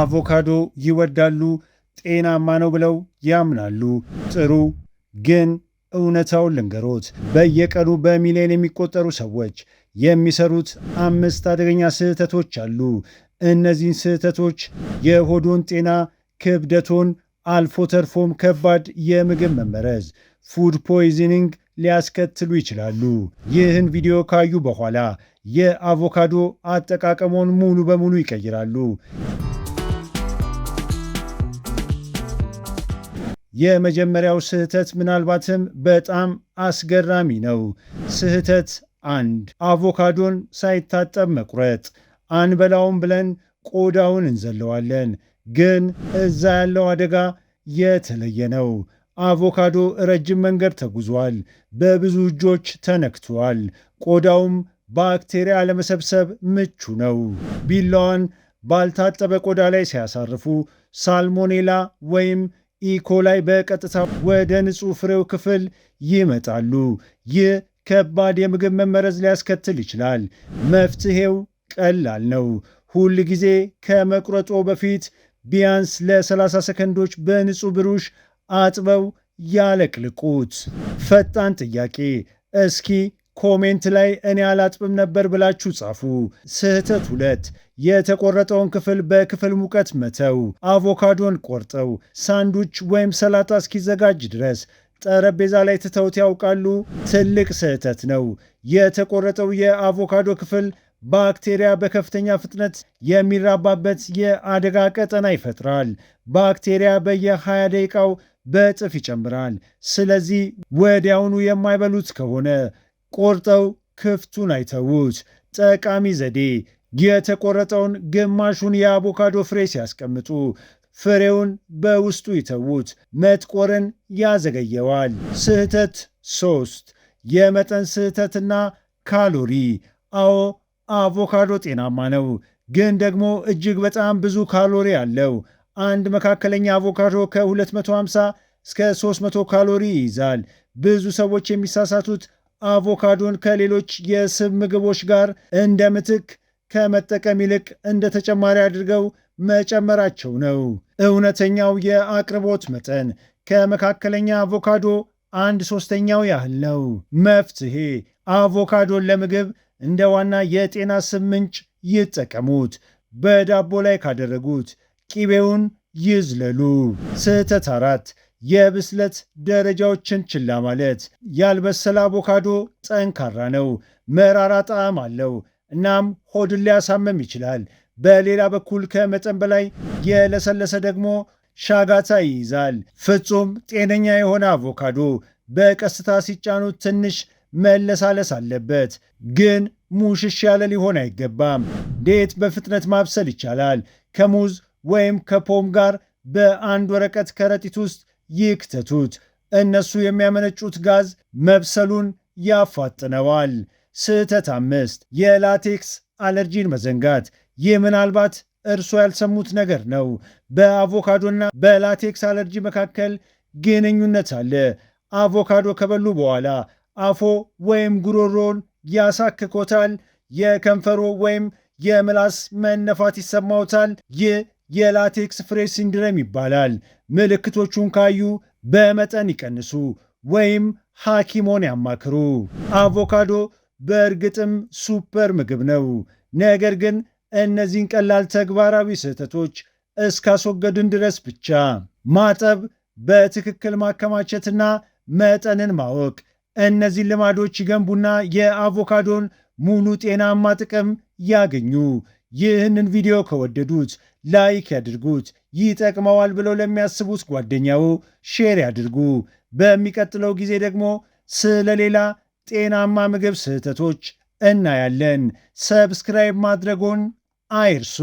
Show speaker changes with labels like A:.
A: አቮካዶ ይወዳሉ፣ ጤናማ ነው ብለው ያምናሉ። ጥሩ ግን እውነታውን ልንገሮት፣ በየቀኑ በሚሊዮን የሚቆጠሩ ሰዎች የሚሰሩት አምስት አደገኛ ስህተቶች አሉ። እነዚህን ስህተቶች የሆዶን ጤና፣ ክብደቶን፣ አልፎ ተርፎም ከባድ የምግብ መመረዝ ፉድ ፖይዝኒንግ ሊያስከትሉ ይችላሉ። ይህን ቪዲዮ ካዩ በኋላ የአቮካዶ አጠቃቀሞን ሙሉ በሙሉ ይቀይራሉ። የመጀመሪያው ስህተት ምናልባትም በጣም አስገራሚ ነው። ስህተት አንድ አቮካዶን ሳይታጠብ መቁረጥ። አንበላውም ብለን ቆዳውን እንዘለዋለን፣ ግን እዛ ያለው አደጋ የተለየ ነው። አቮካዶ ረጅም መንገድ ተጉዟል፣ በብዙ እጆች ተነክቷል። ቆዳውም ባክቴሪያ ለመሰብሰብ ምቹ ነው። ቢላዋን ባልታጠበ ቆዳ ላይ ሲያሳርፉ ሳልሞኔላ ወይም ኢኮላይ በቀጥታ ወደ ንጹህ ፍሬው ክፍል ይመጣሉ። ይህ ከባድ የምግብ መመረዝ ሊያስከትል ይችላል። መፍትሄው ቀላል ነው። ሁል ጊዜ ከመቁረጦ በፊት ቢያንስ ለ30 ሰከንዶች በንጹህ ብሩሽ አጥበው ያለቅልቁት። ፈጣን ጥያቄ፣ እስኪ ኮሜንት ላይ እኔ አላጥብም ነበር ብላችሁ ጻፉ። ስህተት ሁለት የተቆረጠውን ክፍል በክፍል ሙቀት መተው። አቮካዶን ቆርጠው ሳንዱች ወይም ሰላጣ እስኪዘጋጅ ድረስ ጠረጴዛ ላይ ትተውት ያውቃሉ? ትልቅ ስህተት ነው። የተቆረጠው የአቮካዶ ክፍል ባክቴሪያ በከፍተኛ ፍጥነት የሚራባበት የአደጋ ቀጠና ይፈጥራል። ባክቴሪያ በየ20 ደቂቃው በእጥፍ ይጨምራል። ስለዚህ ወዲያውኑ የማይበሉት ከሆነ ቆርጠው ክፍቱን አይተዉት። ጠቃሚ ዘዴ የተቆረጠውን ግማሹን የአቮካዶ ፍሬ ሲያስቀምጡ ፍሬውን በውስጡ ይተዉት። መጥቆርን ያዘገየዋል። ስህተት ሶስት የመጠን ስህተትና ካሎሪ። አዎ አቮካዶ ጤናማ ነው፣ ግን ደግሞ እጅግ በጣም ብዙ ካሎሪ አለው። አንድ መካከለኛ አቮካዶ ከ250 እስከ 300 ካሎሪ ይይዛል። ብዙ ሰዎች የሚሳሳቱት አቮካዶን ከሌሎች የስብ ምግቦች ጋር እንደ ምትክ ከመጠቀም ይልቅ እንደ ተጨማሪ አድርገው መጨመራቸው ነው። እውነተኛው የአቅርቦት መጠን ከመካከለኛ አቮካዶ አንድ ሶስተኛው ያህል ነው። መፍትሄ አቮካዶን ለምግብ እንደ ዋና የጤና ስብ ምንጭ ይጠቀሙት። በዳቦ ላይ ካደረጉት ቂቤውን ይዝለሉ። ስህተት አራት የብስለት ደረጃዎችን ችላ ማለት። ያልበሰለ አቮካዶ ጠንካራ ነው፣ መራራ ጣዕም አለው፣ እናም ሆድን ሊያሳመም ይችላል። በሌላ በኩል ከመጠን በላይ የለሰለሰ ደግሞ ሻጋታ ይይዛል። ፍጹም ጤነኛ የሆነ አቮካዶ በቀስታ ሲጫኑት ትንሽ መለሳለስ አለበት፣ ግን ሙሽሽ ያለ ሊሆን አይገባም። ዴት በፍጥነት ማብሰል ይቻላል። ከሙዝ ወይም ከፖም ጋር በአንድ ወረቀት ከረጢት ውስጥ ይክተቱት። እነሱ የሚያመነጩት ጋዝ መብሰሉን ያፋጥነዋል። ስህተት አምስት የላቴክስ አለርጂን መዘንጋት። ይህ ምናልባት እርስዎ ያልሰሙት ነገር ነው። በአቮካዶና በላቴክስ አለርጂ መካከል ግንኙነት አለ። አቮካዶ ከበሉ በኋላ አፎ ወይም ጉሮሮን ያሳክኮታል። የከንፈሮ ወይም የምላስ መነፋት ይሰማውታል። ይህ የላቴክስ ፍሬ ሲንድረም ይባላል። ምልክቶቹን ካዩ በመጠን ይቀንሱ ወይም ሐኪሞን ያማክሩ። አቮካዶ በእርግጥም ሱፐር ምግብ ነው። ነገር ግን እነዚህን ቀላል ተግባራዊ ስህተቶች እስካስወገድን ድረስ ብቻ ማጠብ፣ በትክክል ማከማቸትና መጠንን ማወቅ እነዚህን ልማዶች ይገንቡና የአቮካዶን ሙሉ ጤናማ ጥቅም ያገኙ። ይህንን ቪዲዮ ከወደዱት ላይክ ያድርጉት። ይጠቅመዋል ብለው ለሚያስቡት ጓደኛው ሼር ያድርጉ። በሚቀጥለው ጊዜ ደግሞ ስለሌላ ጤናማ ምግብ ስህተቶች እናያለን። ሰብስክራይብ ማድረጎን አይርሱ።